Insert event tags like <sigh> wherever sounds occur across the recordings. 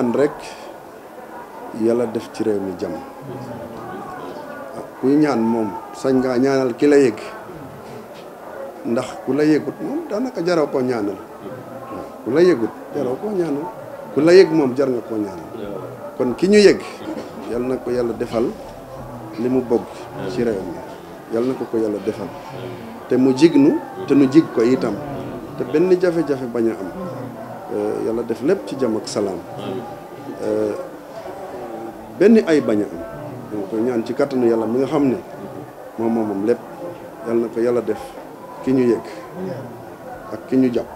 ñaan rek yalla def ci rew mi jam ah, kuy ñaan mom sañ nga ñaanal ki la yegg ndax ku la mom da naka jaraw ko ñaanal ku la yeggut jaraw ko ñaanal ku la yegg mom jar nga ko ñaanal kon ki ñu yegg yalla nako yalla defal Limu bok ci rew mi yalla nako ko yalla defal te mu jignu te nu jig ko itam te benn jafe-jafe baña am Euh, yàlla def lépp ci jàmm ak salaam. Euh, benn ay bañ a am. danga koy ñaan ci kattanu yàlla mi nga xam ne moom moom lépp yàlla na ko yàlla def ki ñu yëg ak ki ñu jàpp.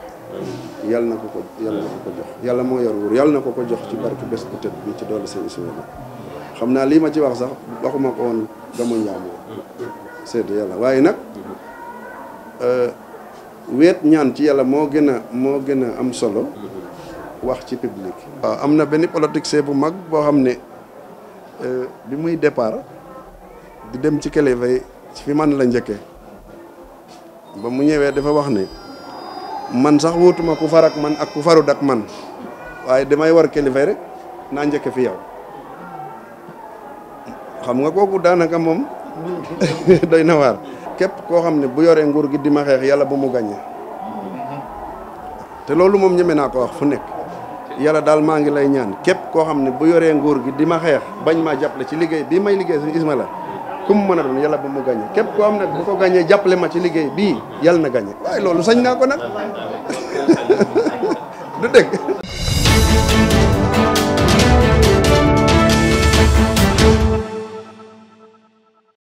yàlla na ko ko yàlla jox yàlla moo yor wur yàlla na ko ko jox ci barke bés bu tëdd bi ci doole seen Ismaïla xam naa lii ma ci wax sax waxuma ko woon dama njaamoo. yàlla waaye nag. Euh, Wet ñaan ci yalla mo gëna mo gëna am solo wax ci public. amna am na benn bu mag bo xamné ne euh, bi muy départ di dem ci kilifa ci fi man la ñëkke ba mu ñëwé dafa wax né man sax wóotuma ku far ak man ak ku faru dak man waye demay war kilifa rek na ñëkke fi yow xam nga koku <laughs> képp koo xam ne bu yoree nguur gi di ma xeex yàlla bu mu gàññe te loolu moom ñeme naa ko wax fu nekk yàlla daal maa ngi lay ñaan képp koo xam ne bu yoree nguur gi di ma xeex bañ ma jàppale ci liggéey bii may liggéey suñu Ismaila kum mën a doon yàlla bu mu gàññe képp koo xam ne bu ko gàññee jàppale ma ci liggéey bii yàlla na gàññe waaye loolu sañ naa ko nag <laughs> du dëgg